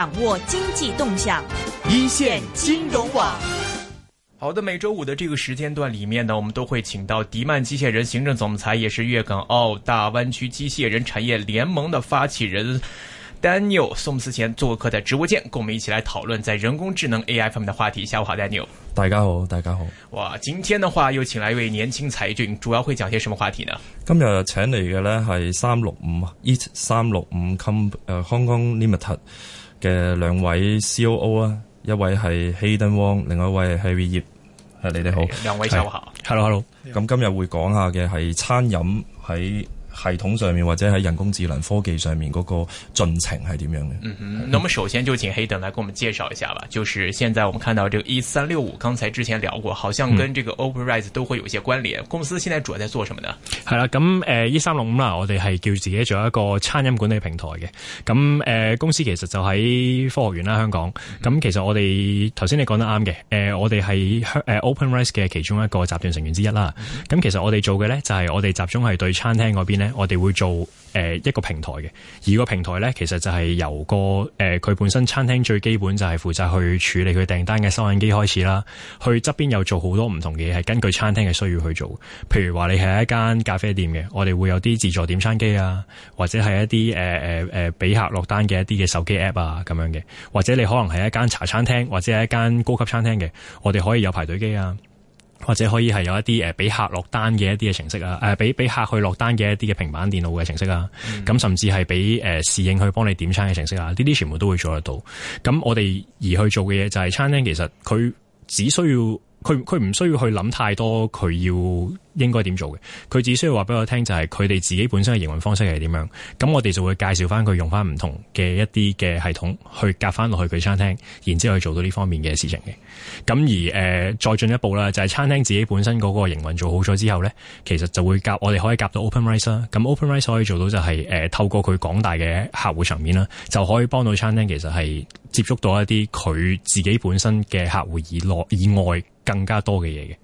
掌握經濟動向，一線金融網。好的，每周五的這個時間段裏面呢，我們都會請到迪曼機械人行政總裁，也是粵港澳大灣區機械人產業聯盟的發起人 Daniel 宋思賢做客在直播間，跟我們一起來討論在人工智能 AI 方面的話題。下午好，Daniel。大家好，大家好。哇，今天的話又請來一位年輕才俊，主要會講些什麼話題呢？今日請嚟嘅咧是三六五 Eats 三六五 Com 呃 Hong Kong Limited。嘅兩位 COO 啊，一位係 Hayden Wong，另外一位係 Harry 葉，係你哋好，兩位手下，hello hello，咁 Hello. 今日會講下嘅係餐飲喺系統上面或者喺人工智能科技上面嗰個進程係點樣嘅？嗯嗯，咁我是首先就請 Hayden 來跟我們介紹一下啦。就是現在我們看到呢個 e 三六五，剛才之前聊過，好像跟呢個 OpenRise 都會有一些關聯。嗯、公司現在主要在做什麼呢？係啦，咁誒 e 三六五啦，我哋係叫自己做一個餐飲管理平台嘅。咁誒公司其實就喺科學園啦，香港。咁其實我哋頭先你講得啱嘅，誒我哋係香誒 OpenRise 嘅其中一個集團成員之一啦。咁其實我哋做嘅呢，就係我哋集中係對餐廳嗰邊咧。我哋會做誒、呃、一個平台嘅，而個平台咧，其實就係由個誒佢、呃、本身餐廳最基本就係負責去處理佢訂單嘅收銀機開始啦。去側邊又做好多唔同嘅嘢，係根據餐廳嘅需要去做。譬如話你係一間咖啡店嘅，我哋會有啲自助點餐機啊，或者係一啲誒誒誒俾客落單嘅一啲嘅手機 app 啊咁樣嘅，或者你可能係一間茶餐廳，或者係一間高級餐廳嘅，我哋可以有排隊機啊。或者可以係有一啲誒俾客落單嘅一啲嘅程式啊，誒俾俾客去落單嘅一啲嘅平板電腦嘅程式啊，咁、嗯、甚至係俾誒侍應去幫你點餐嘅程式啊，呢啲全部都會做得到。咁我哋而去做嘅嘢就係餐廳，其實佢只需要。佢佢唔需要去諗太多，佢要應該點做嘅，佢只需要話俾我聽就係佢哋自己本身嘅營運方式係點樣，咁我哋就會介紹翻佢用翻唔同嘅一啲嘅系統去夾翻落去佢餐廳，然之後去做到呢方面嘅事情嘅。咁而誒、呃、再進一步啦，就係、是、餐廳自己本身嗰個營運做好咗之後咧，其實就會夾我哋可以夾到 OpenRice 啦。咁 OpenRice 可以做到就係、是、誒、呃、透過佢廣大嘅客戶層面啦，就可以幫到餐廳其實係接觸到一啲佢自己本身嘅客戶以落以外更加多嘅嘢嘅，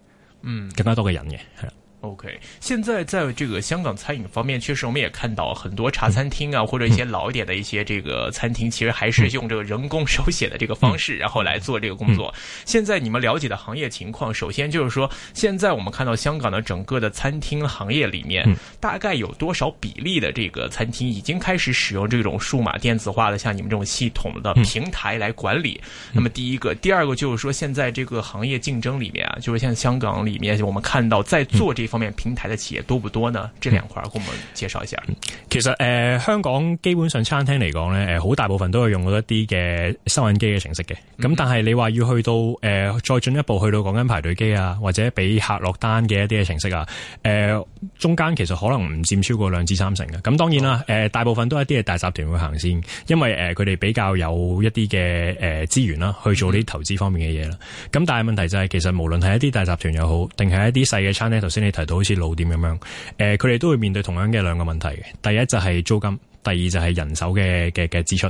嗯，更加多嘅人嘅，係啦。OK，現在在這個香港餐飲方面，確實我們也看到很多茶餐廳啊，或者一些老一點的一些這個餐廳，其實還是用這個人工手寫的這個方式，然後來做這個工作。現在你們了解的行業情況，首先就是說，現在我們看到香港的整個的餐廳行業裏面，大概有多少比例的這個餐廳已經開始使用這種數碼電子化的，像你們這種系統的平台來管理？那麼第一個，第二個就是說，現在這個行業競爭裏面啊，就是像香港裏面，我們看到在做這方。方面平台嘅企業多唔多呢？呢兩塊可唔可以介紹一下？其實誒，香、呃、港基本上餐廳嚟講咧，誒、呃，好大部分都係用到一啲嘅收銀機嘅程式嘅。咁、嗯、哼但係你話要去到誒、呃，再進一步去到講緊排隊機啊，或者俾客落單嘅一啲嘅程式啊，誒、呃，中間其實可能唔佔超過兩至三成嘅。咁當然啦，誒、哦呃，大部分都係一啲嘅大集團會行先，因為誒，佢、呃、哋比較有一啲嘅誒資源啦、啊，去做啲投資方面嘅嘢啦。咁、嗯、哼但係問題就係、是，其實無論係一啲大集團又好，定係一啲細嘅餐廳，頭先你提。好似老店咁樣，誒、呃，佢哋都會面對同樣嘅兩個問題嘅，第一就係租金，第二就係人手嘅嘅嘅支出，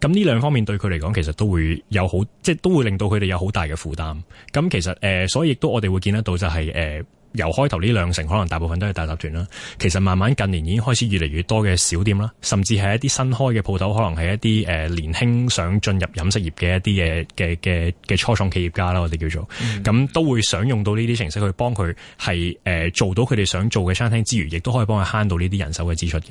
咁呢兩方面對佢嚟講，其實都會有好，即係都會令到佢哋有好大嘅負擔。咁其實，誒、呃，所以亦都我哋會見得到就係、是，誒、呃。由開頭呢兩成可能大部分都係大集團啦，其實慢慢近年已經開始越嚟越多嘅小店啦，甚至係一啲新開嘅鋪頭，可能係一啲誒年輕想進入飲食業嘅一啲嘅嘅嘅嘅初創企業家啦，我哋叫做咁，嗯、都會想用到呢啲程式去幫佢係誒做到佢哋想做嘅餐廳之餘，亦都可以幫佢慳到呢啲人手嘅支出嘅。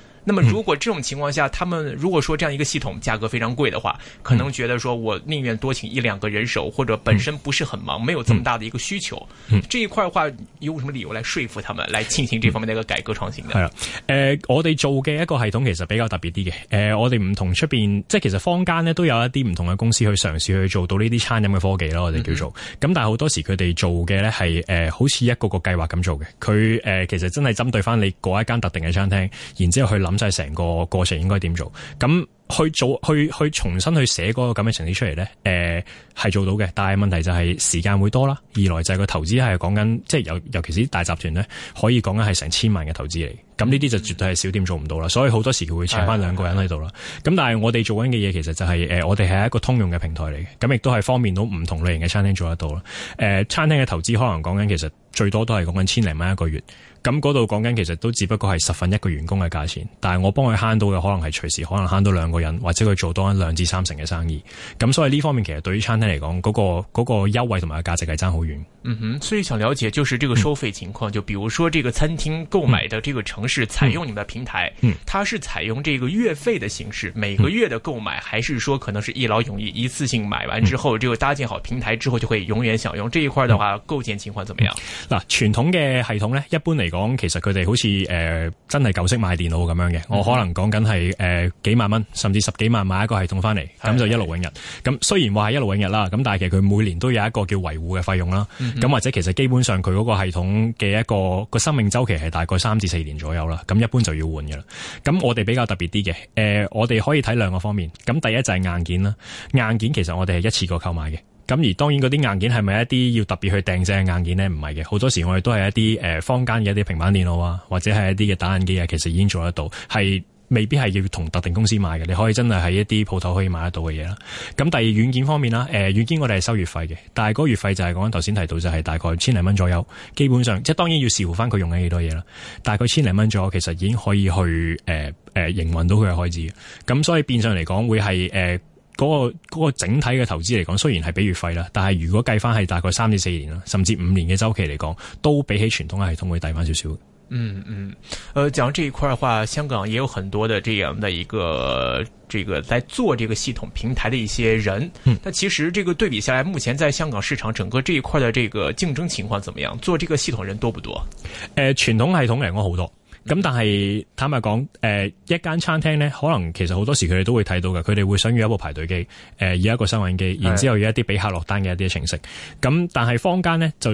那麼如果這種情況下，嗯、他們如果說這樣一個系統價格非常貴的話，可能覺得說我寧願多請一兩個人手，或者本身不是很忙，嗯、沒有這麼大的一個需求，嗯、這一塊的話，有什麼理由來說服他們來進行這方面的一個改革創新呢？係啊、嗯，誒、嗯呃，我哋做嘅一個系統其實比較特別啲嘅，誒、呃，我哋唔同出邊，即係其實坊間咧都有一啲唔同嘅公司去嘗試去做到呢啲餐飲嘅科技咯，我哋叫做，咁、嗯嗯、但係好多時佢哋做嘅咧係誒，好似一個個計劃咁做嘅，佢誒、呃、其實真係針對翻你嗰一間特定嘅餐廳，然之後去咁就係成個過程應該點做？咁去做去去重新去寫嗰個咁嘅程式出嚟咧？誒、呃，係做到嘅，但係問題就係時間會多啦。二來就係個投資係講緊，即係尤尤其是大集團咧，可以講緊係成千萬嘅投資嚟。咁呢啲就絕對係小店做唔到啦。所以好多時佢會請返兩個人喺度啦。咁的但係我哋做緊嘅嘢其實就係、是、誒、呃，我哋係一個通用嘅平台嚟嘅。咁亦都係方便到唔同類型嘅餐廳做得到啦。誒、呃，餐廳嘅投資可能講緊，其實最多都係講緊千零蚊一個月。咁嗰度講緊其實都只不過係十分一個員工嘅價錢，但係我幫佢慳到嘅可能係隨時可能慳到兩個人，或者佢做多兩至三成嘅生意。咁所以呢方面其實對於餐廳嚟講，嗰、那個嗰、那個優惠同埋價值係爭好遠。嗯哼，所以想了解就是這個收費情況，嗯、就比如說這個餐廳購買的這個城市採用你們的平台，嗯，它是採用這個月費的形式，每個月的購買，還是說可能是一勞永逸，一次性買完之後，就、嗯這個、搭建好平台之後，就會永遠享用，這一塊的話，構建情況怎麼樣？嗱、嗯，傳統嘅系統呢，一般嚟講其實佢哋好似誒、呃、真係舊式買電腦咁樣嘅，嗯、我可能講緊係誒幾萬蚊甚至十幾萬買一個系統翻嚟，咁、嗯、就一勞永逸。咁的雖然話係一勞永逸啦，咁但係其實佢每年都有一個叫維護嘅費用啦。咁、嗯、哼或者其實基本上佢嗰個系統嘅一個個生命周期係大概三至四年左右啦。咁一般就要換噶啦。咁我哋比較特別啲嘅，誒、呃、我哋可以睇兩個方面。咁第一就係硬件啦，硬件其實我哋係一次過購買嘅。咁而當然嗰啲硬件係咪一啲要特別去訂製嘅硬件呢？唔係嘅，好多時我哋都係一啲誒坊間嘅一啲平板電腦啊，或者係一啲嘅打印機啊，其實已經做得到，係未必係要同特定公司買嘅。你可以真係喺一啲鋪頭可以買得到嘅嘢啦。咁第二軟件方面啦，誒、呃、軟件我哋係收月費嘅，但係嗰個月費就係講緊頭先提到就係大概千零蚊左右，基本上即係當然要視乎翻佢用緊幾多嘢啦。大概千零蚊左右其實已經可以去誒誒、呃呃、營運到佢嘅開支，咁所以變相嚟講會係嗰、那個、那個整體嘅投資嚟講，雖然係比月費啦，但係如果計翻係大概三至四年啦，甚至五年嘅週期嚟講，都比起傳統嘅系統會低翻少少。嗯嗯、呃，講呢一塊嘅話，香港也有很多的這樣的一個，呃、這個在做這個系統平台的一些人。嗯，但其實這個對比下來，目前在香港市場整個這一塊的這個競爭情況怎麼樣？做這個系統人多不多？誒、呃，傳統系統嚟講好多。咁但係坦白講，誒，一間餐廳咧，可能其實好多時佢哋都會睇到嘅，佢哋會想要一部排隊機，誒，要一個收銀機，的然之後要一啲俾客落單嘅一啲程式。咁但係坊間咧就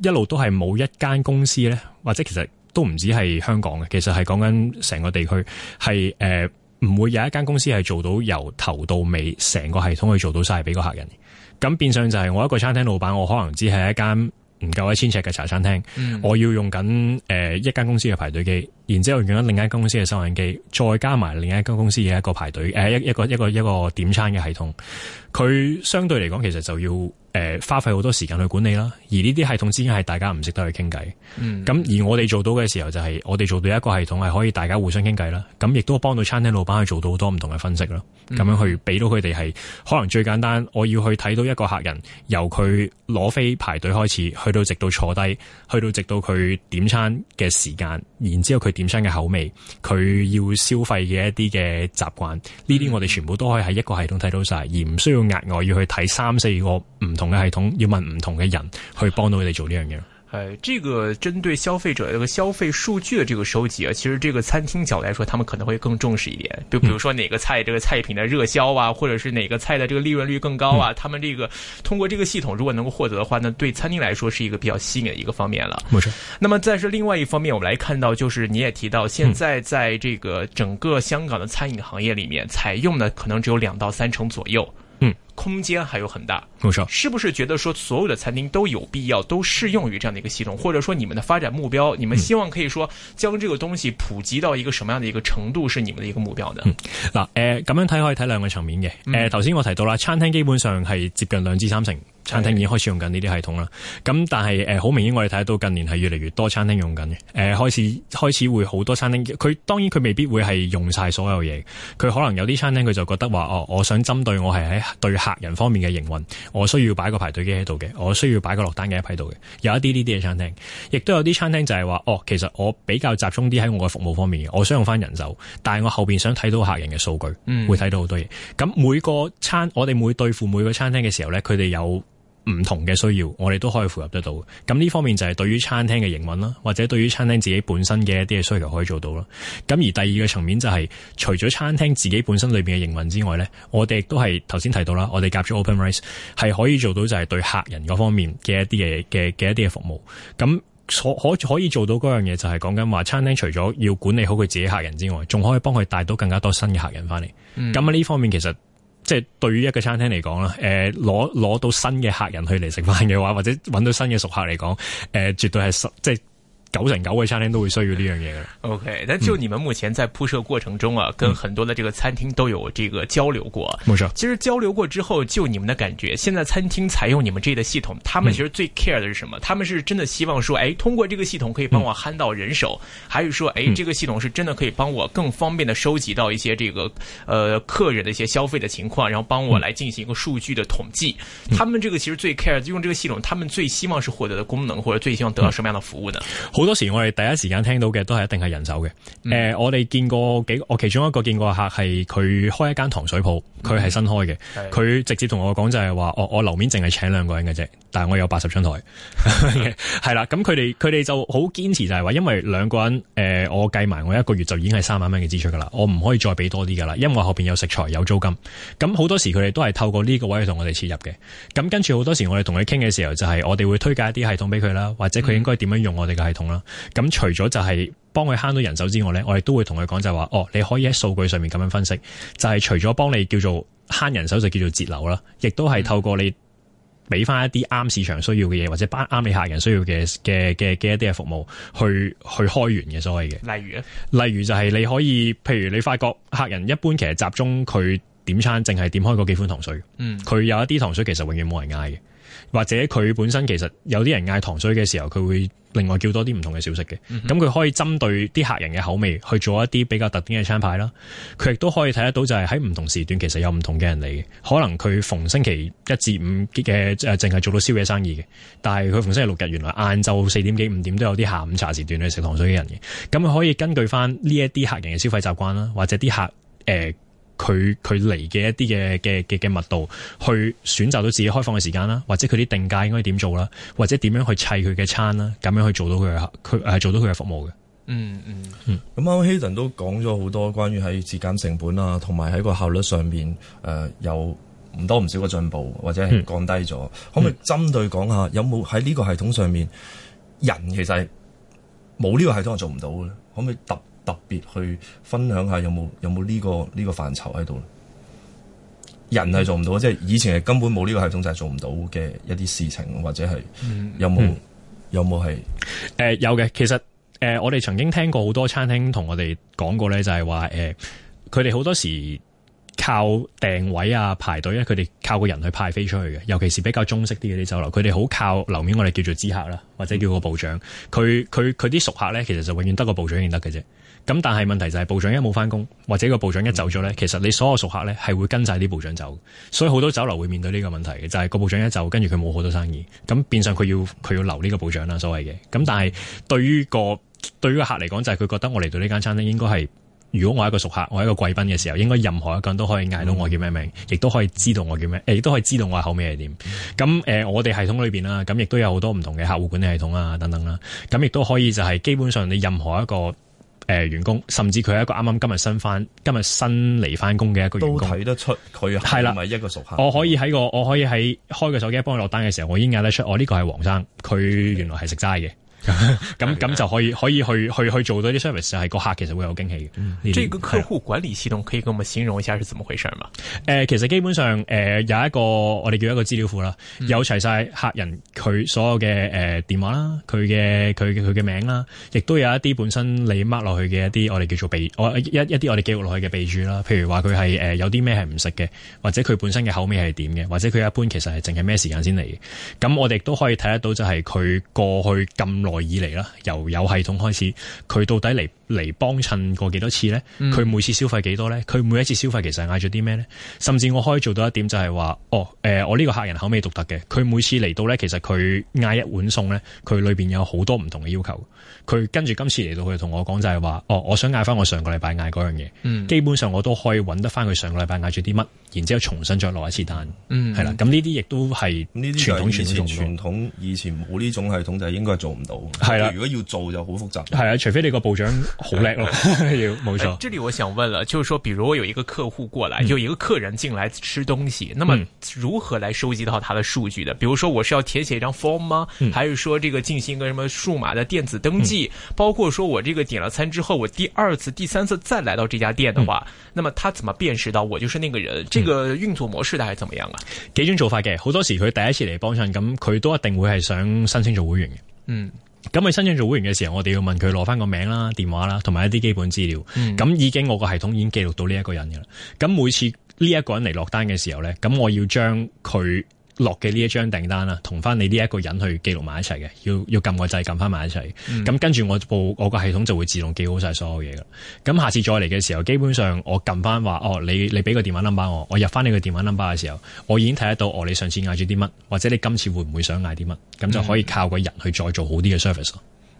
一路都係冇一間公司咧，或者其實都唔止係香港嘅，其實係講緊成個地區係誒唔會有一間公司係做到由頭到尾成個系統去做到曬俾個客人。咁變相就係我一個餐廳老闆，我可能只係一間。唔夠一千尺嘅茶餐廳，嗯、我要用緊誒一間公司嘅排隊機，然之後用緊另一間公司嘅收銀機，再加埋另一間公司嘅一個排隊誒一一個一個一個，一個點餐嘅系統，佢相對嚟講其實就要。誒花費好多時間去管理啦，而呢啲系統之間係大家唔識得去傾偈。咁、嗯、而我哋做到嘅時候就係、是、我哋做到一個系統係可以大家互相傾偈啦。咁亦都幫到餐廳老闆去做到好多唔同嘅分析啦。咁樣去俾到佢哋係可能最簡單，我要去睇到一個客人由佢攞飛排隊開始，去到直到坐低，去到直到佢點餐嘅時間，然之後佢點餐嘅口味，佢要消費嘅一啲嘅習慣，呢啲、嗯、我哋全部都可以喺一個系統睇到晒，而唔需要額外要去睇三四個唔同。同嘅系統要問唔同嘅人去幫到佢哋做呢樣嘢。誒、哎，這個針對消費者、這個消費數據的這個收集啊，其實這個餐廳角度來說，他們可能會更重視一點。就比如說，哪個菜、嗯、這個菜品的熱銷啊，或者是哪個菜的這個利潤率更高啊，嗯、他們這個通過這個系統如果能夠獲得的話呢，呢對餐廳來說是一個比較吸引的一個方面了。冇錯。那麼再說另外一方面，我們來看到，就是你也提到，現在在這個整個香港的餐飲行業裏面，採用的可能只有兩到三成左右。嗯，空間還有很大。冇錯。是不是覺得說所有的餐廳都有必要都適用於這樣的一個系統？或者說，你們的發展目標，你們希望可以說將這個東西普及到一個什麼樣的一個程度是你們的一個目標呢？嗯，嗱、嗯，誒，咁、呃、樣睇可以睇兩個層面嘅。誒、呃，頭先我提到啦，餐廳基本上係接近兩至三成。餐廳已經開始用緊呢啲系統啦，咁的但係誒好明顯，我哋睇到近年係越嚟越多餐廳用緊嘅，誒、呃、開始開始會好多餐廳，佢當然佢未必會係用晒所有嘢，佢可能有啲餐廳佢就覺得話哦，我想針對我係喺對客人方面嘅營運，我需要擺個排隊機喺度嘅，我需要擺個落單機喺度嘅，有一啲呢啲嘅餐廳，亦都有啲餐廳就係話哦，其實我比較集中啲喺我嘅服務方面，我想用翻人手，但係我後邊想睇到客人嘅數據，嗯，會睇到好多嘢，咁每個餐我哋每對付每個餐廳嘅時候咧，佢哋有。唔同嘅需要，我哋都可以符合得到。咁呢方面就係對於餐廳嘅營運啦，或者對於餐廳自己本身嘅一啲嘅需求可以做到咯。咁而第二個層面就係，除咗餐廳自己本身裏邊嘅營運之外呢，我哋亦都係頭先提到啦，我哋夾住 OpenRice 係可以做到就係對客人嗰方面嘅一啲嘅嘅嘅一啲嘅服務。咁可可可以做到嗰樣嘢就係講緊話，餐廳除咗要管理好佢自己客人之外，仲可以幫佢帶到更加多新嘅客人翻嚟。咁喺呢方面其實。即係對於一個餐廳嚟講啦，誒攞攞到新嘅客人去嚟食飯嘅話，或者揾到新嘅熟客嚟講，誒、呃、絕對係實即係。九成九位餐廳都會需要呢樣嘢嘅。OK，但就你們目前在鋪設過程中啊，嗯、跟很多的這個餐廳都有這個交流過。嗯、冇錯，其實交流過之後，就你們的感覺，現在餐廳採用你們這的系統，他們其實最 care 的是什麼？嗯、他們是真的希望說，誒、哎，通過這個系統可以幫我慳到人手，嗯、還是說，誒、哎，這個系統是真的可以幫我更方便的收集到一些這個，呃，客人的一些消費的情況，然後幫我來進行一個數據的統計。嗯、他們這個其實最 care 用這個系統，他們最希望是獲得的功能，或者最希望得到什麼樣的服務呢？嗯嗯好多時我哋第一時間聽到嘅都係一定係人手嘅。誒、嗯呃，我哋見過幾，我其中一個見過客係佢開一間糖水鋪，佢係新開嘅。佢、嗯、直接同我講就係話，我我樓面淨係請兩個人嘅啫，但係我有八十張台。係啦， 咁佢哋佢哋就好堅持就係話，因為兩個人、呃、我計埋我一個月就已經係三萬蚊嘅支出㗎啦，我唔可以再俾多啲㗎啦，因為後面有食材有租金。咁好多時佢哋都係透過呢個位去同我哋切入嘅。咁跟住好多時我哋同佢傾嘅時候，就係我哋會推介一啲系統俾佢啦，或者佢應該點樣用我哋嘅系統、嗯。咁除咗就係幫佢慳到人手之外咧，我哋都會同佢講就係話，哦，你可以喺數據上面咁樣分析，就係、是除咗幫你叫做慳人手，就叫做節流，啦，亦都係透過你俾翻一啲啱市場需要嘅嘢，或者啱你客人需要嘅嘅嘅嘅一啲嘅服務去，去去開源嘅所謂嘅。例如咧，例如就係你可以，譬如你發覺客人一般其實集中佢點餐，淨係點開嗰幾款糖水，嗯，佢有一啲糖水其實永遠冇人嗌嘅。或者佢本身其實有啲人嗌糖水嘅時候，佢會另外叫多啲唔同嘅小食嘅。咁佢、嗯、哼可以針對啲客人嘅口味去做一啲比較特點嘅餐牌啦。佢亦都可以睇得到，就係喺唔同時段其實有唔同嘅人嚟嘅。可能佢逢星期一至五嘅誒，淨、呃、係做到宵夜生意嘅。但係佢逢星期六日，原來晏晝四點幾五點都有啲下午茶時段去食糖水嘅人嘅。咁佢可以根據翻呢一啲客人嘅消費習慣啦，或者啲客、呃佢佢嚟嘅一啲嘅嘅嘅嘅密度，去選擇到自己開放嘅時間啦，或者佢啲定價應該點做啦，或者點樣去砌佢嘅餐啦，咁樣去做到佢佢誒做到佢嘅服務嘅、嗯。嗯嗯嗯。咁阿，Hayden 都講咗好多關於喺節減成本啊，同埋喺個效率上面誒、呃、有唔多唔少嘅進步，或者係降低咗。嗯、可唔可以針對講下，有冇喺呢個系統上面人其實冇呢個系統係做唔到嘅咧？可唔可以特？特別去分享下有冇有冇呢個呢個範疇喺度？人係做唔到，即係以前係根本冇呢個系統就係做唔到嘅一啲事情，或者係有冇有冇係、嗯？誒、嗯嗯呃、有嘅，其實誒、呃、我哋曾經聽過好多餐廳同我哋講過咧，就係話誒，佢哋好多時靠訂位啊、排隊咧，佢哋靠個人去派飛出去嘅，尤其是比較中式啲嘅啲酒樓，佢哋好靠樓面，我哋叫做知客啦，或者叫個部長。佢佢佢啲熟客咧，其實就永遠得個部長先得嘅啫。咁但係問題就係，部長一冇翻工，或者個部長一走咗呢，嗯、其實你所有熟客呢係會跟晒啲部長走，所以好多酒樓會面對呢個問題嘅，就係、是、個部長一走，跟住佢冇好多生意，咁變相，佢要佢要留呢個部長啦，所謂嘅。咁但係對於個對於個客嚟講，就係佢覺得我嚟到呢間餐廳，應該係如果我係一個熟客，我係一個貴賓嘅時候，應該任何一個人都可以嗌到我叫咩名，亦都可以知道我叫咩，亦、呃、都可以知道我口味係點。咁誒、嗯呃，我哋系統裏邊啦，咁亦都有好多唔同嘅客戶管理系統啊，等等啦，咁亦都可以就係基本上你任何一個。誒、呃，員工甚至佢係一個啱啱今日新翻，今日新嚟翻工嘅一個員工都睇得出佢係咪一個熟客？了我可以喺個，我可以喺開個手機幫佢落單嘅時候，我已經嗌得出，我呢個係黃生，佢原來係食齋嘅。咁咁 就可以可以去去去做到啲 service，係個客其實會有驚喜嘅。呢、嗯、些個客戶管理系統可以咁我哋形容一下係怎麼回事嘛？誒、呃，其實基本上誒、呃、有一個我哋叫一個資料庫啦，嗯、有齊晒客人佢所有嘅誒、呃、電話啦，佢嘅佢佢嘅名啦，亦都有一啲本身你 mark 落去嘅一啲我哋叫做備，一一啲我哋記錄落去嘅備注啦，譬如話佢係誒有啲咩係唔食嘅，或者佢本身嘅口味係點嘅，或者佢一般其實係淨係咩時間先嚟嘅，咁我哋都可以睇得到就係佢過去咁耐我以嚟啦，由有系統開始，佢到底嚟嚟幫襯過幾多次咧？佢、嗯、每次消費幾多咧？佢每一次消費其實嗌咗啲咩咧？甚至我可以做到一點就係話，哦，誒、呃，我呢個客人口味獨特嘅，佢每次嚟到咧，其實佢嗌一碗餸咧，佢裏邊有好多唔同嘅要求。佢跟住今次嚟到，佢就同我講就係話，哦，我想嗌翻我上個禮拜嗌嗰樣嘢。嗯、基本上我都可以揾得翻佢上個禮拜嗌咗啲乜，然之後重新再落一次單。嗯，係啦，咁呢啲亦都係傳統，以前傳統以前冇呢種系統就係應該做唔到。係啦的，如果要做就好複雜。係啊，除非你個部長。 好叻，有冇錯。 錯這裏我想問了，就是說，比如我有一個客戶過來，嗯、有一個客人進來吃東西，那麼如何來收集到他的數據的？比如說，我是要填寫一張 form 嗎？嗯、還是說，這個進行一個什麼數碼的電子登記？嗯、包括說，我這個點了餐之後，我第二次、第三次再來到這家店的話，嗯、那麼他怎麼辨識到我就是那個人？嗯、這個運作模式大概怎麼樣啊？幾種做法嘅，好多時佢第一次嚟幫襯，咁佢都一定會係想申請做會員嘅。嗯。咁佢申請做會員嘅時候，我哋要問佢攞翻個名啦，電話啦，同埋一啲基本資料。咁、嗯、已經我個系統已經記錄到呢一個人嘅啦。咁每次呢一個人嚟落單嘅時候咧，咁我要將佢落嘅呢一張訂單啦，同翻你呢一個人去記錄埋一齊嘅，要要撳個掣撳翻埋一齊，咁、嗯、跟住我部我個系統就會自動記好晒所有嘢嘅。咁下次再嚟嘅時候，基本上我撳翻話哦，你你俾個電話 number 我，我入翻你個電話 number 嘅時候，我已經睇得到哦，你上次嗌住啲乜，或者你今次會唔會想嗌啲乜，咁、嗯、就可以靠個人去再做好啲嘅 service。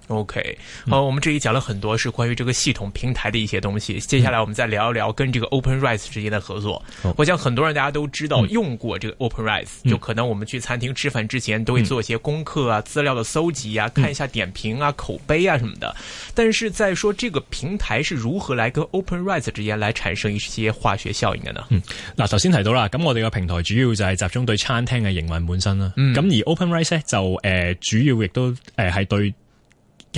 OK，好，我們這裏講了很多是關於這個系統平台的一些東西。接下來我們再聊一聊跟這個 OpenRice 之間的合作。好我想很多人大家都知道用過這個 OpenRice，、嗯、就可能我們去餐廳吃飯之前都會做一些功課啊、嗯、資料的搜集啊、看一下點評啊、嗯、口碑啊什麼的。但是在說這個平台是如何來跟 OpenRice 之間來產生一些化學效應的呢？嗯，嗱、啊，頭先提到啦，咁我哋個平台主要就係集中對餐廳嘅營運本身啦。嗯，而 OpenRice 呢，就、呃、主要亦都誒係、呃、對。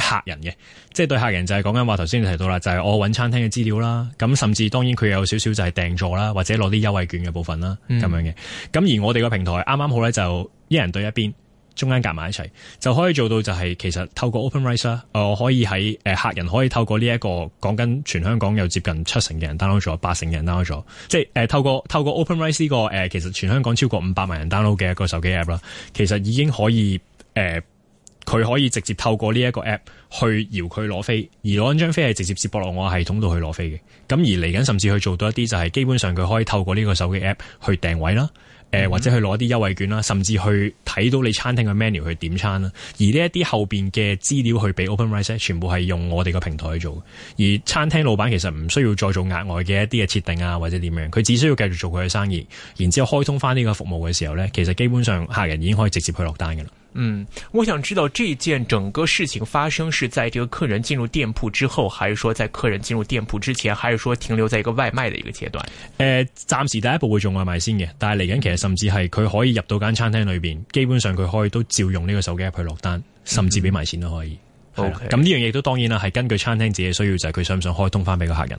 客人嘅，即係對客人就係講緊話，頭先你提到啦，就係、是、我搵餐廳嘅資料啦，咁甚至當然佢有少少就係訂座啦，或者攞啲優惠券嘅部分啦，咁、嗯、樣嘅。咁而我哋個平台啱啱好咧，就一人對一邊，中間夾埋一齊，就可以做到就係、是、其實透過 OpenRice 啦，我、呃、可以喺誒、呃、客人可以透過呢、這、一個講緊全香港有接近七成嘅人 download 咗，八成嘅人 download 咗，即係誒、呃、透過透過 OpenRice 呢、這個誒、呃、其實全香港超過五百萬人 download 嘅一個手機 app 啦，其實已經可以誒。呃佢可以直接透過呢一個 app 去搖佢攞飛，而攞緊張飛係直接接駁落我系統度去攞飛嘅。咁而嚟緊甚至去做到一啲就係基本上佢可以透過呢個手機 app 去訂位啦，嗯、或者去攞啲優惠券啦，甚至去睇到你餐廳嘅 menu 去點餐啦。而呢一啲後邊嘅資料去俾 OpenRice 咧，全部係用我哋個平台去做。而餐廳老闆其實唔需要再做額外嘅一啲嘅設定啊，或者點樣，佢只需要繼續做佢嘅生意。然之後開通翻呢個服務嘅時候呢，其實基本上客人已經可以直接去落單嘅啦。嗯，我想知道這件整個事情發生是在這個客人進入店鋪之後，還是說在客人進入店鋪之前，還是說停留在一個外賣的一個階段？誒、呃，暫時第一步會做外賣先嘅，但係嚟緊其實甚至係佢可以入到間餐廳裏邊，基本上佢可以都照用呢個手機 app 去落單，甚至俾埋錢都可以。好、嗯，咁呢樣嘢都當然啦，係根據餐廳自己嘅需要，就係、是、佢想唔想開通翻俾個客人。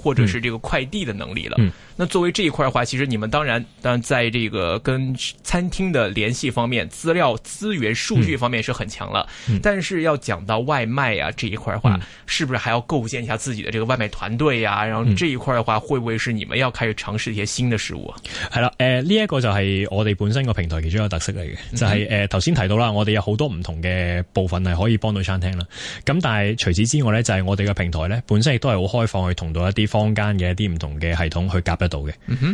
或者是這個快遞的能力了。嗯。那作為這一塊的話，其實你們當然，但在這個跟餐廳的聯繫方面，資料、資源、數據方面是很強了。嗯、但是要講到外賣啊這一塊的話，嗯、是不是還要構建一下自己的這個外賣團隊呀、啊？然後這一塊的話，嗯、會不會是你們要開始嘗試一些新的事物啊？係啦，誒、呃，呢、這、一個就係我哋本身個平台其中一個特色嚟嘅，就係誒頭先提到啦，我哋有好多唔同嘅部分係可以幫到餐廳啦。咁但係除此之外咧，就係、是、我哋嘅平台咧，本身亦都係好開放去同到一啲。坊間嘅一啲唔同嘅系統去夾得到嘅，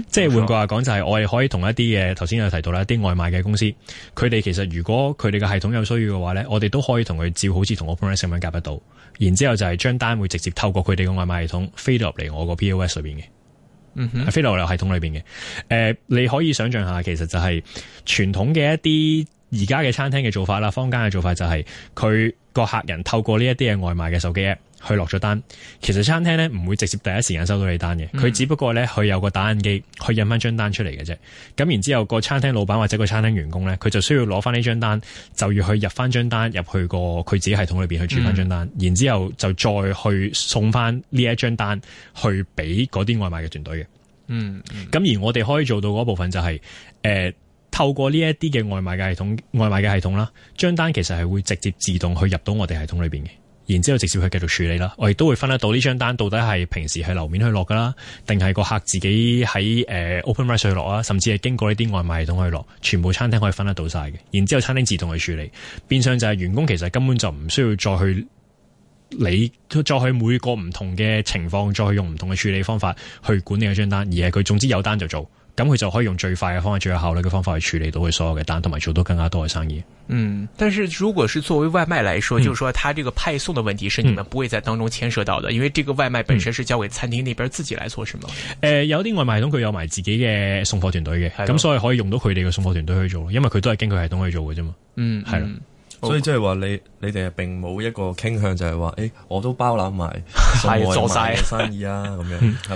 即係、mm hmm. 換句話講，就係我哋可以同一啲嘅。頭先、mm hmm. 有提到啦，一啲外賣嘅公司，佢哋其實如果佢哋嘅系統有需要嘅話咧，我哋都可以同佢照好似同 OpenRice 咁樣夾得到，然之後就係將單會直接透過佢哋嘅外賣系統飛到入嚟我個 POS 裏邊嘅，嗯哼、mm，hmm. 飛到我個系統裏邊嘅，誒、呃，你可以想像下，其實就係傳統嘅一啲。而家嘅餐廳嘅做法啦，坊間嘅做法就係佢個客人透過呢一啲嘅外賣嘅手機去落咗單，其實餐廳咧唔會直接第一時間收到你單嘅，佢只不過咧佢有個打印機去印翻張單出嚟嘅啫。咁然之後個餐廳老闆或者個餐廳員工咧，佢就需要攞翻呢張單，就要去入翻張單入去個佢自己系統裏面去儲翻張單，然之後就再去送翻呢一張單去俾嗰啲外賣嘅團隊嘅、嗯。嗯，咁而我哋可以做到嗰部分就係、是，呃透過呢一啲嘅外賣嘅系統，外賣嘅系統啦，張單,單其實係會直接自動去入到我哋系統裏面嘅，然之後直接去繼續處理啦。我亦都會分得到呢張單到底係平時喺樓面去落㗎啦，定係個客自己喺、呃、OpenRice 去落啊，甚至係經過呢啲外賣系統去落，全部餐廳可以分得到晒嘅。然之後餐廳自動去處理，變相就係員工其實根本就唔需要再去理，再去每個唔同嘅情況，再去用唔同嘅處理方法去管理嗰張單，而係佢總之有單就做。咁佢就可以用最快嘅方法，最有效率嘅方法去處理到佢所有嘅單，同埋做到更加多嘅生意。嗯，但是如果是作為外賣來說，嗯、就是說，佢這個派送嘅問題是你們不會在當中牽涉到嘅，因為呢個外賣本身是交給餐廳那邊自己來做什麼、呃。有啲外賣系統佢有埋自己嘅送貨團隊嘅，咁、嗯、所以可以用到佢哋嘅送貨團隊去做，因為佢都係經過系統去做嘅啫嘛。嗯，係啦的。嗯所以即係話你你哋，並冇一個傾向就係話誒我都包攬埋，做晒生意啊咁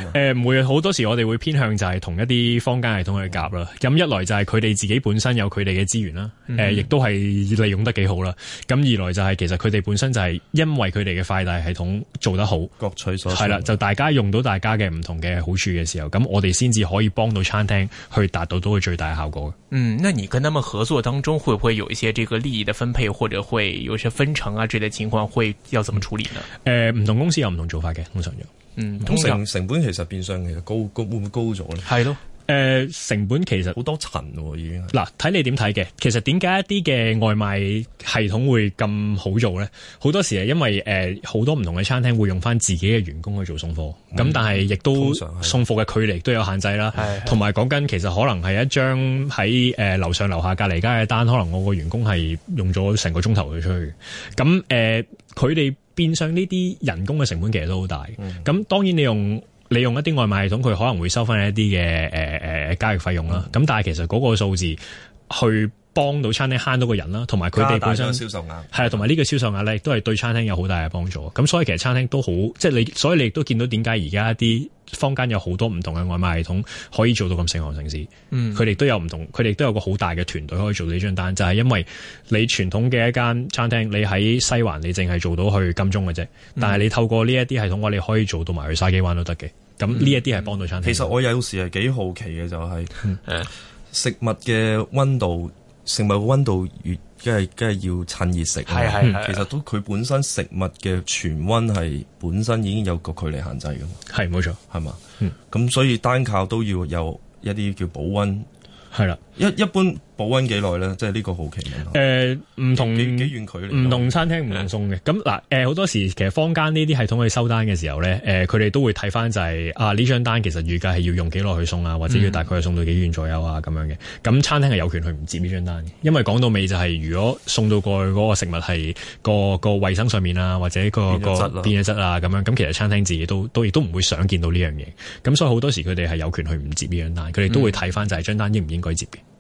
樣誒唔會，好多時我哋會偏向就係同一啲坊間系統去夾啦。咁、嗯、一來就係佢哋自己本身有佢哋嘅資源啦，誒亦、嗯、都係利用得幾好啦。咁二來就係其實佢哋本身就係因為佢哋嘅快遞系統做得好，各取所需係啦。就大家用到大家嘅唔同嘅好處嘅時候，咁我哋先至可以幫到餐廳去達到到佢最大效果。嗯，那你跟他們合作當中，會不會有一些這個利益的分配？或者會有些分成啊，之類情況會要怎麼處理呢？誒、嗯，呃，唔同公司有唔同做法嘅，通常有，嗯，通常成本其實變相其實高高會唔會高咗咧？係咯。誒、呃，成本其實好多層喎，已經嗱、啊，睇你點睇嘅。其實點解一啲嘅外賣系統會咁好做咧？好多時係因為誒，好、呃、多唔同嘅餐廳會用翻自己嘅員工去做送貨，咁、嗯、但係亦都送貨嘅距離都有限制啦。同埋講緊，其實可能係一張喺誒樓上樓下隔籬間嘅單，可能我個員工係用咗成個鐘頭去出去。咁誒，佢、呃、哋變相呢啲人工嘅成本其實都好大。咁、嗯、當然你用。利用一啲外賣系統，佢可能會收翻一啲嘅誒誒交易費用啦。咁、嗯、但係其實嗰個數字，去幫到餐廳慳到個人啦，同埋佢哋本身銷售額係啊，同埋呢個銷售額咧，都係對餐廳有好大嘅幫助。咁、嗯、所以其實餐廳都好，即係你，所以你亦都見到點解而家啲坊間有好多唔同嘅外賣系統可以做到咁盛行城市。佢哋、嗯、都有唔同，佢哋都有個好大嘅團隊可以做到呢張單，就係、是、因為你傳統嘅一間餐廳，你喺西環你淨係做到去金鐘嘅啫，但係你透過呢一啲系統，我哋可以做到埋去沙基灣都得嘅。咁呢一啲係幫到餐廳。其實我有時係幾好奇嘅，就係，就係 食物嘅温度，食物嘅温度越，即係即係要趁熱食。嗯、其實都佢、嗯、本身食物嘅全溫係本身已經有個距離限制㗎嘛，係冇錯，係嘛吧？咁、嗯、所以單靠都要有一啲叫保温，係啦。一一般保温幾耐咧？即係呢個好奇嘅。唔同幾幾遠距離，唔同餐廳唔同送嘅。咁嗱的，誒好、呃、多時其實坊間呢啲系統去收單嘅時候咧，誒佢哋都會睇返就係、是、啊呢張單其實預計係要用幾耐去送啊，或者要大概係送到幾遠左右啊咁、嗯、樣嘅。咁餐廳係有權去唔接呢張單嘅，因為講到尾就係如果送到過去嗰個食物係、那個、那個衞生上面啊，或者、那個個變了質啊咁樣，咁其實餐廳自己都都亦都唔會想見到呢樣嘢。咁所以好多時佢哋係有權去唔接呢張單，佢哋、嗯、都會睇返就係張單應唔應該接嘅。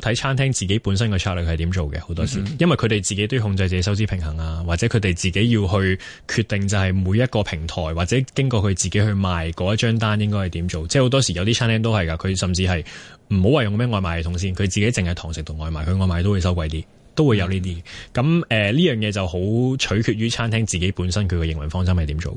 睇餐廳自己本身嘅策略係點做嘅，好多時，因為佢哋自己都要控制自己收支平衡啊，或者佢哋自己要去決定就係每一個平台或者經過佢自己去賣嗰一張單應該係點做，即係好多時有啲餐廳都係噶，佢甚至係唔好話用咩外賣系統先，佢自己淨係堂食同外賣，佢外賣都會收貴啲，都會有呢啲。咁誒呢樣嘢就好取決於餐廳自己本身佢嘅營運方針係點做。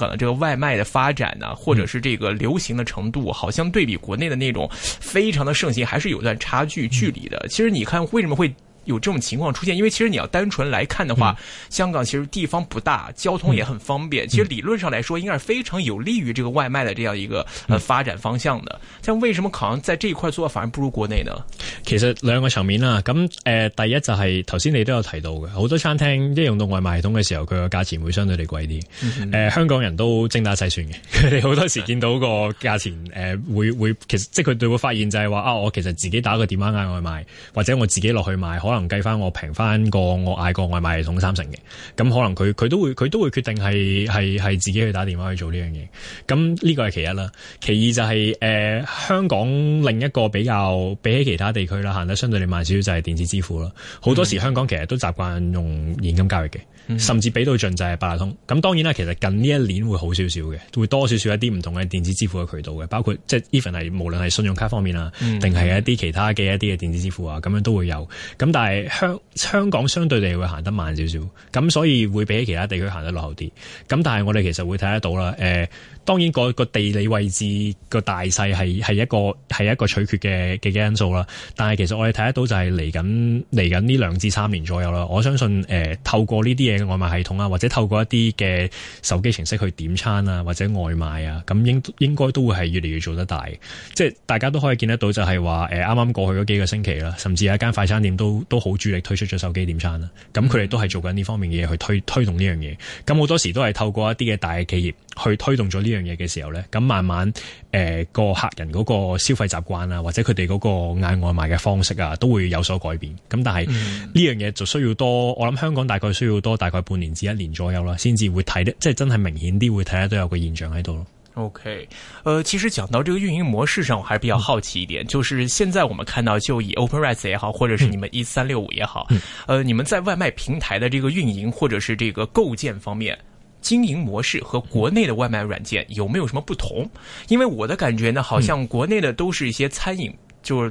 可能這個外賣的發展呢、啊，或者是這個流行的程度，好像對比國內的那種非常的盛行，還是有段差距距離的。其實你看，為什麼會？有這種情況出現，因為其實你要單純來看的話，嗯、香港其實地方不大，交通也很方便。嗯、其實理論上來說，應該是非常有利於這個外賣的這樣一個發展方向的。嗯、但為什麼可能在這一塊做反而不如國內呢？其實兩個層面啦，咁誒、呃，第一就係頭先你都有提到嘅，好多餐廳一用到外賣系統嘅時候，佢個價錢會相對嚟貴啲。誒、嗯嗯嗯呃，香港人都精打細算嘅，佢哋好多時見到個價錢誒、 呃，會會其實即係佢哋會發現就係話啊，我其實自己打個電話嗌外賣，或者我自己落去買可能計翻我平翻個我嗌個外賣系統三成嘅，咁可能佢佢都會佢都會決定係係係自己去打電話去做呢樣嘢。咁呢個係其一啦，其二就係、是、誒、呃、香港另一個比較比起其他地區啦，行得相對你慢少少就係電子支付啦。好多時香港其實都習慣用現金交易嘅。嗯甚至俾到盡就係八達通。咁當然啦，其實近呢一年會好少少嘅，會多少少一啲唔同嘅電子支付嘅渠道嘅，包括即係 even 係無論係信用卡方面啦，定係一啲其他嘅一啲嘅電子支付啊，咁樣都會有。咁但係香香港相對地會行得慢少少，咁所以會比其他地區行得落後啲。咁但係我哋其實會睇得到啦。誒、呃，當然個地理位置個大細係係一個係一個取決嘅嘅因素啦。但係其實我哋睇得到就係嚟緊嚟緊呢兩至三年左右啦。我相信、呃、透過呢啲嘢。外賣系統啊，或者透過一啲嘅手機程式去點餐啊，或者外賣啊，咁應應該都會係越嚟越做得大。即係大家都可以見得到就是，就係話誒，啱啱過去嗰幾個星期啦，甚至有一間快餐店都都好主力推出咗手機點餐啦。咁佢哋都係做緊呢方面嘅嘢去推推動呢樣嘢。咁好多時都係透過一啲嘅大嘅企業去推動咗呢樣嘢嘅時候咧，咁慢慢誒個、呃、客人嗰個消費習慣啊，或者佢哋嗰個嗌外賣嘅方式啊，都會有所改變。咁但係呢、嗯、樣嘢就需要多，我諗香港大概需要多大。大概半年至一年左右啦，先至會睇得，即係真係明顯啲會睇得到有個現象喺度咯。OK，呃，其實講到這個運營模式上，我還是比較好奇一點，嗯、就是現在我們看到就以 OpenRice 也好，或者是你們 Eats365 也好，嗯、呃，你們在外賣平台的這個運營或者是這個構建方面，經營模式和國內的外賣軟件有沒有什麼不同？因為我的感覺呢，好像國內的都是一些餐飲，就是。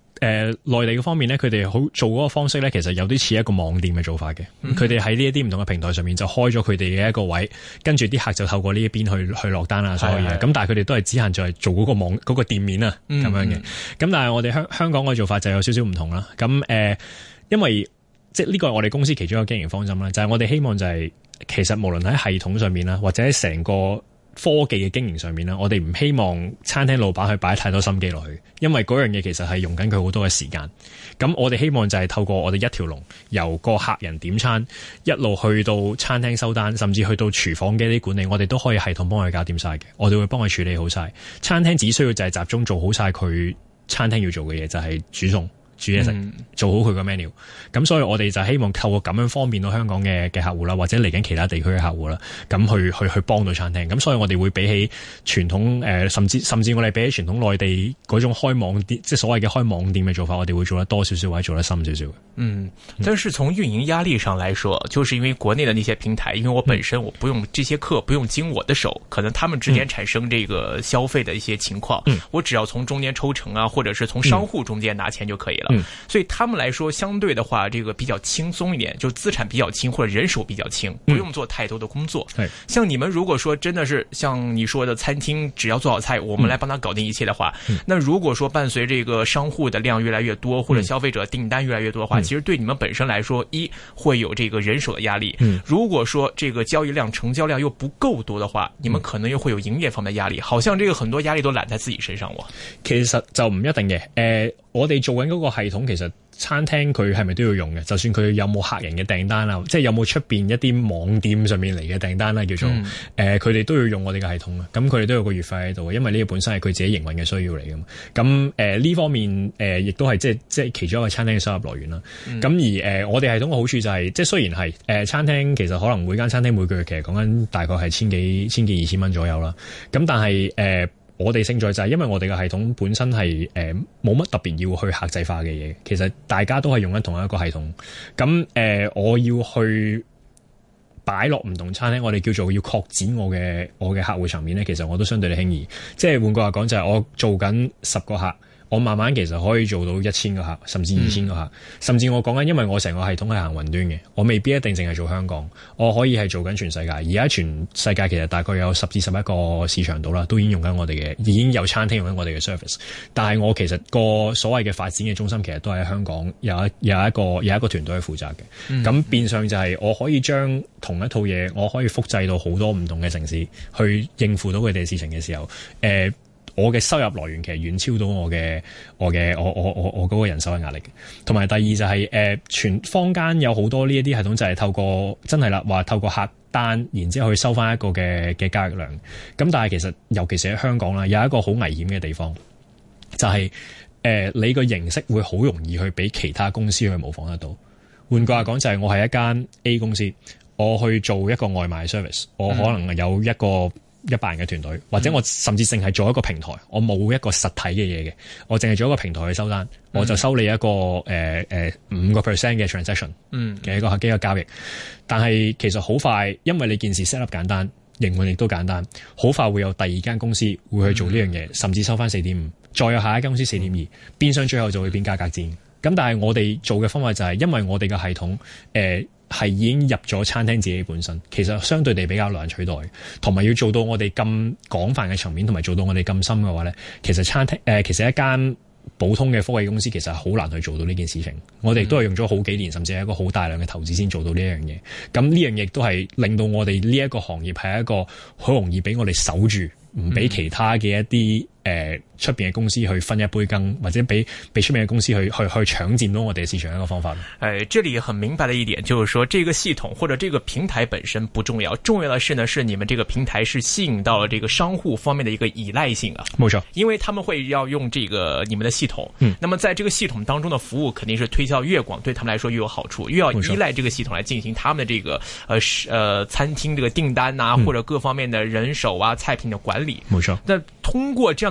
誒、呃、內地嘅方面咧，佢哋好做嗰個方式咧，其實有啲似一個網店嘅做法嘅。佢哋喺呢一啲唔同嘅平台上面就開咗佢哋嘅一個位，跟住啲客就透過呢一邊去去落單啊，所有嘢。咁是但係佢哋都係只限在做嗰個網嗰、嗰個店面啊咁、嗯、樣嘅。咁但係我哋香香港嘅做法就有少少唔同啦。咁誒、呃，因為即係呢個係我哋公司其中一個經營方針啦，就係、是、我哋希望就係、是、其實無論喺系統上面啦，或者喺成個科技嘅經營上面啦，我哋唔希望餐廳老闆去擺太多心機落去，因為嗰樣嘢其實係用緊佢好多嘅時間，咁我哋希望就係透過我哋一條龍，由個客人點餐一路去到餐廳收單，甚至去到廚房嘅啲管理，我哋都可以系統幫佢搞掂晒嘅。我哋會幫佢處理好晒，餐廳只需要就係集中做好晒佢餐廳要做嘅嘢，就係煮餸，煮嘢食做好佢個 menu，咁所以我哋就希望透過咁樣方便到香港嘅嘅客戶啦，或者嚟緊其他地區嘅客戶啦，咁去去去幫到餐廳，咁所以我哋會比起傳統誒、呃、甚至甚至我哋比起傳統內地嗰種開網店，即係所謂嘅開網店嘅做法，我哋會做得多少少，或者做得深少少。嗯，但是從運營壓力上來說，就是因為國內的那些平台，因為我本身我不用這些客不用經我的手，嗯、可能他們之間產生這個消費的一些情況，嗯、我只要從中間抽成啊，或者是從商戶中間拿錢就可以了。嗯嗯嗯，所以他們來說相對的話，這個比較輕鬆一點，就資產比較輕或者人手比較輕，不用做太多的工作。對，像你們如果說真的是像你說的餐廳，只要做好菜，我們來幫他搞定一切的話，那如果說伴隨這個商戶的量越來越多，或者消費者訂單越來越多的話，其實對你們本身來說，一會有這個人手的壓力。嗯，如果說這個交易量、成交量又不夠多的話，你們可能又會有營業方面的壓力。好像這個很多壓力都攬在自己身上我。我其實就唔一定嘅，誒、呃，我哋做緊嗰個係。系統其實餐廳佢係咪都要用嘅？就算佢有冇客人嘅訂單啊，即係有冇出邊一啲網店上面嚟嘅訂單啦，叫做誒佢哋都要用我哋嘅系統啊。咁佢哋都有個月費喺度，因為呢個本身係佢自己營運嘅需要嚟噶嘛。咁誒呢方面誒亦都係即係即係其中一個餐廳嘅收入來源啦。咁、嗯、而誒、呃、我哋系統嘅好處就係、是、即係雖然係誒、呃、餐廳其實可能每間餐廳每個月其實講緊大概係千幾千幾二千蚊左右啦。咁但係、呃我哋勝在就係，因為我哋嘅系統本身係冇乜特別要去客製化嘅嘢，其實大家都係用緊同一個系統。咁、呃、我要去擺落唔同餐廳，我哋叫做要擴展我嘅我嘅客戶層面咧，其實我都相對嘅輕易。即係換句話講，就係我做緊十個客。我慢慢其實可以做到一千個客，甚至二千個客，嗯、甚至我講緊，因為我成個系統係行雲端嘅，我未必一定淨係做香港，我可以係做緊全世界。而家全世界其實大概有十至十一個市場度啦，都已經用緊我哋嘅，已經有餐廳用緊我哋嘅 service。但係我其實個所謂嘅發展嘅中心，其實都喺香港，有一有一個有一個團隊負責嘅。咁、嗯、變相就係我可以將同一套嘢，我可以複製到好多唔同嘅城市去應付到佢哋嘅事情嘅時候，呃我嘅收入來源其實遠超到我嘅我嘅我我我我嗰個人手嘅壓力，同埋第二就係、是、誒、呃，全坊間有好多呢一啲系統就係透過真係啦，話透過客單然之後去收翻一個嘅嘅交易量。咁但係其實尤其是喺香港啦，有一個好危險嘅地方，就係、是、誒、呃、你個形式會好容易去俾其他公司去模仿得到。換句話講，就係、是、我係一間 A 公司，我去做一個外賣 service，我可能有一個，嗯一百人嘅團隊，或者我甚至淨係做一個平台，嗯、我冇一個實體嘅嘢嘅，我淨係做一個平台去收單，嗯、我就收你一個誒誒、呃、五個、呃、percent 嘅 transaction，嗯嘅一個客機嘅交易。但係其實好快，因為你件事 set up 簡單，營運亦都簡單，好快會有第二間公司會去做呢樣嘢，嗯、甚至收翻四點五，再有下一間公司四點二，變相最後就會變價格戰。咁但係我哋做嘅方法就係，因為我哋嘅系統誒。呃係已經入咗餐廳自己本身，其實相對地比較難取代，同埋要做到我哋咁廣泛嘅層面，同埋做到我哋咁深嘅話呢，其實餐廳，呃，其實一間普通嘅科技公司其實好難去做到呢件事情。我哋都係用咗好幾年，嗯，甚至係一個好大量嘅投資先做到呢樣嘢。咁呢樣嘢都係令到我哋呢一個行業係一個好容易俾我哋守住，唔俾其他嘅一啲。誒，出邊嘅公司去分一杯羹，或者俾俾出邊嘅公司去去去搶占到我哋市場一個方法。誒、哎，這裡很明白的一點，就是說，這個系統或者這個平台本身不重要，重要的是呢，是你們這個平台是吸引到了這個商戶方面的一個依賴性啊。冇錯，因為他們會要用這個你們的系統。嗯、那麼在這個系統當中的服務，肯定是推銷越廣，對他們來說越有好處，越要依賴這個系統來進行他們的這個，誒、呃，誒、呃，餐廳呢個訂單啊，嗯、或者各方面的人手啊、菜品的管理。冇錯，那通過這樣。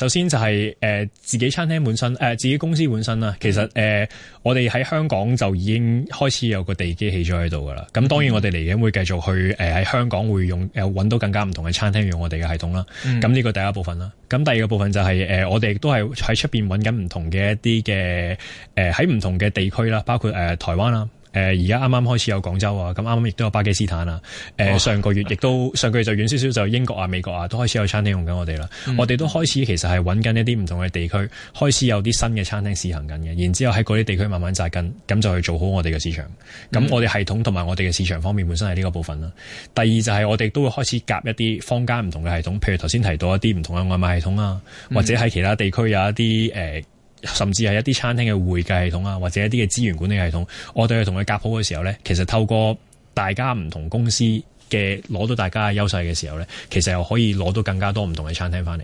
首先就係誒自己餐廳本身，誒自己公司本身啦。其實誒我哋喺香港就已經開始有個地基起咗喺度噶啦。咁、嗯、當然我哋嚟緊會繼續去誒喺香港會用誒搵到更加唔同嘅餐廳用我哋嘅系統啦。咁呢個第一部分啦。咁第二個部分就係誒我哋亦都係喺出面搵緊唔同嘅一啲嘅誒喺唔同嘅地區啦，包括誒台灣啦。誒而家啱啱開始有廣州啊，咁啱啱亦都有巴基斯坦啊。誒、呃哦、上個月亦都 上個月就遠少少就英國啊、美國啊都開始有餐廳用緊我哋啦。嗯、我哋都開始其實係揾緊一啲唔同嘅地區，開始有啲新嘅餐廳試行緊嘅。然之後喺嗰啲地區慢慢紮根，咁就去做好我哋嘅市場。咁我哋系統同埋我哋嘅市場方面本身係呢個部分啦。嗯、第二就係我哋都會開始夾一啲坊間唔同嘅系統，譬如頭先提到一啲唔同嘅外賣系統啊，或者喺其他地區有一啲甚至係一啲餐廳嘅會計系統啊，或者一啲嘅資源管理系統，我哋去同佢夾鋪嘅時候呢，其實透過大家唔同公司嘅攞到大家嘅優勢嘅時候呢，其實又可以攞到更加多唔同嘅餐廳翻嚟。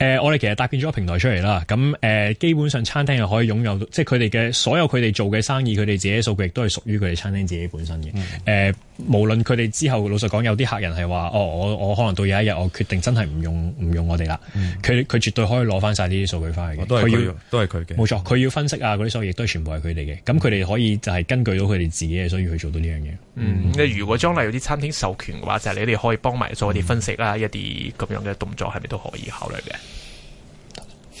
誒、呃，我哋其實搭建咗個平台出嚟啦。咁誒、呃，基本上餐廳又可以擁有，即係佢哋嘅所有佢哋做嘅生意，佢哋自己嘅數據亦都係屬於佢哋餐廳自己本身嘅。誒、嗯呃，無論佢哋之後老實講有啲客人係話，哦，我我可能到有一日我決定真係唔用唔用我哋啦，佢佢、嗯、絕對可以攞翻晒呢啲數據翻嚟嘅。都係佢，要都係佢嘅，冇錯。佢要分析啊嗰啲，數據亦都係全部係佢哋嘅。咁佢哋可以就係根據到佢哋自己嘅需要去做到呢樣嘢。嗯嗯、如果將嚟有啲餐廳授權嘅話，就係、是、你哋可以幫埋做一啲分析啦、啊，嗯、一啲咁樣嘅動作係咪都可以考慮嘅？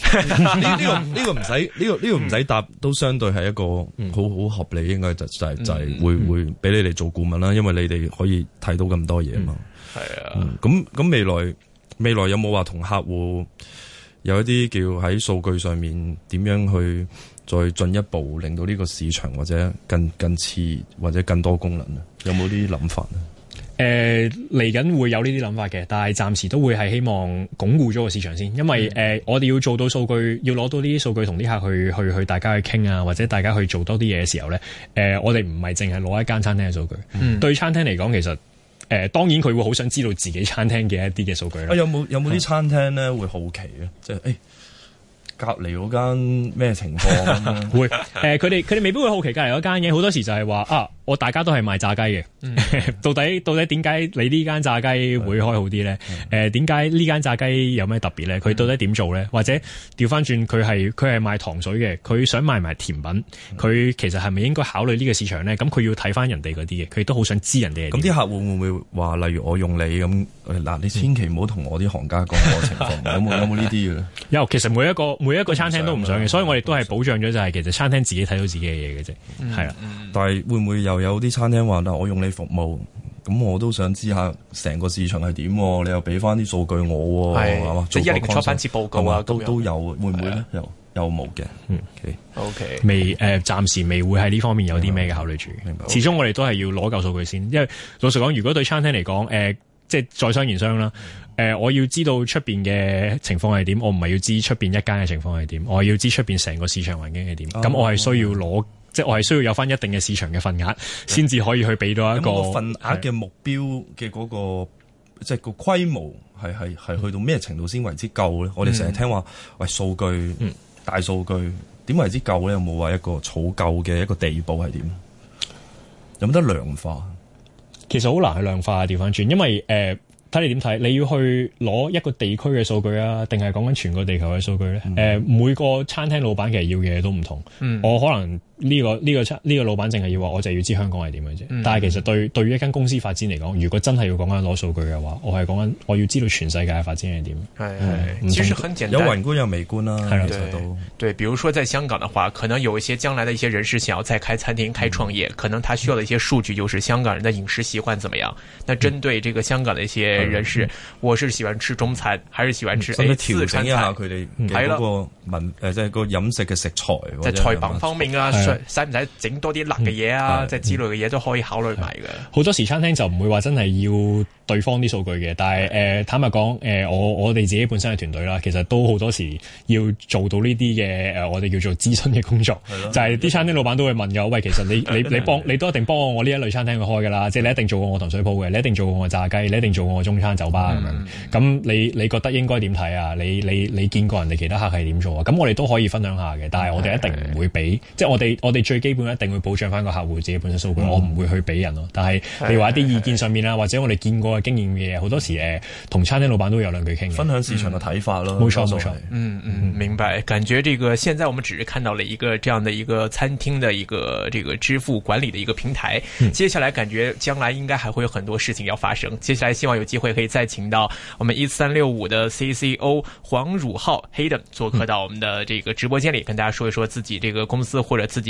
呢、 呢個呢、呢個唔使呢個呢、呢個唔使答，都相對係一個好好合理，應該就係、就係就係會會俾你哋做顧問啦，因為你哋可以睇到咁多嘢嘛。係、嗯、啊，咁咁、嗯、未來未來有冇話同客戶有一啲叫喺數據上面點樣去再進一步，令到呢個市場或者更更次或者更多功能啊？有冇啲諗法啊？ 誒嚟緊會有呢啲諗法嘅，但係暫時都會係希望鞏固咗個市場先，因為誒、嗯呃、我哋要做到數據，要攞到呢啲數據同啲客去去去大家去傾啊，或者大家去做多啲嘢嘅時候咧，誒、呃、我哋唔係淨係攞一間餐廳嘅數據，嗯、對餐廳嚟講其實、呃、當然佢會好想知道自己餐廳嘅一啲嘅數據、啊、有冇有冇啲餐廳咧會好奇啊？即係誒、欸、隔離嗰間咩情況？ 會誒佢哋佢哋未必會好奇隔離嗰間嘢，好多時就係話啊。我大家都係賣炸雞嘅、嗯， 到底到底點解你呢間炸雞會開好啲咧？誒、嗯，點解呢間炸雞有咩特別咧？佢、嗯、到底點做咧？或者調翻轉，佢係佢係賣糖水嘅，佢想賣埋甜品，佢、嗯、其實係咪應該考慮呢個市場咧？咁佢要睇翻人哋嗰啲嘅，佢都好想知人哋。咁啲客戶會唔會話，例如我用你咁？嗱，你千祈唔好同我啲行家講我情況， 有冇有冇呢啲嘅？有，其實每一個每一個餐廳都唔想嘅，想的，所以我哋都係保障咗就係，其實餐廳自己睇到自己嘅嘢嘅啫。係啊、嗯，是的但係會唔會有？有啲餐廳話：，但我用你服務，咁我都想知下成個市場係點。你又俾翻啲數據我，喎的，嘛？即一連出版次報告，啊，這樣 都都有，會唔會咧的？有冇嘅。o、okay. k Okay. 未誒、呃，暫時未會喺呢方面有啲咩嘅考慮住。的始終我哋都係要攞夠數據先。因為老實講，如果對餐廳嚟講、呃，即係在商言商啦、呃。我要知道出面嘅情況係點，我唔係要知出面一間嘅情況係點，我要知出面成個市場環境係點。咁、啊、我係需要攞。Okay. 即係我係需要有翻一定嘅市場嘅份額，先至可以去俾到一個，嗯、個份額嘅目標嘅嗰是、那個，即、就、係、是、個規模係係係去到咩程度先為之夠咧？嗯、我哋成日聽話喂數據，嗯、大數據點為之夠咧？有冇話一個儲夠嘅一個地步係點？有冇得量化？其實好難去量化調翻轉，因為誒睇，呃、你點睇？你要去攞一個地區嘅數據啊，定係講緊全個地球嘅數據咧？誒、嗯呃，每個餐廳老闆其實要嘅嘢都唔同，嗯、我可能。呢個呢個呢個老闆淨係要話，我就要知香港係點嘅啫。但係其實對對於一間公司發展嚟講，如果真係要講緊攞數據嘅話，我係講緊我要知道全世界嘅發展係點。唉，其實很簡單，有宏觀有微觀啦，係啦，都對。比如說在香港嘅話，可能有一些將來的一些人士想要再開餐廳、開創業，可能他需要嘅一些數據就是香港人的飲食習慣點樣。那針對這個香港嘅一些人士，我是喜歡吃中餐，還是喜歡吃？咁樣調整一下佢哋嗰個文，誒即係個飲食嘅食材，即係菜品方面啊。使唔使整多啲辣嘅嘢啊？即係之類嘅嘢都可以考慮埋嘅。好多時餐廳就唔會話真係要對方啲數據嘅，但係誒坦白講，誒我我哋自己本身嘅團隊啦，其實都好多時要做到呢啲嘅誒我哋叫做諮詢嘅工作，就係啲餐廳老闆都會問噶，喂，其實你你你幫你都一定幫我我呢一類餐廳去開噶啦，即係你一定做過我糖水鋪嘅，你一定做過我炸雞，你一定做過我中餐酒吧咁樣。咁你你覺得應該點睇啊？你你你見過人哋其他客係點做啊？咁我哋都可以分享下嘅，但係我哋一定唔會俾，即係我哋。我哋最基本一定會保障翻個客戶自己本身數據，嗯、我唔會去俾人咯。但係譬如話一啲意見上面啊，哎、或者我哋見過嘅經驗嘅嘢，好、哎、多時誒同、嗯、餐廳老闆都有兩句傾，分享市場嘅睇法咯，冇錯冇錯，嗯嗯，明白。感覺這個現在我們只是看到了一個這樣的、一個餐廳的一個這個支付管理的一個平台。嗯、接下來感覺將來應該還會有很多事情要發生。接下來希望有機會可以再請到我們一三六五的 C O O 黃汝灝 Haden 做客到我們的這個直播間裏跟大家說一說自己這個公司或者自己。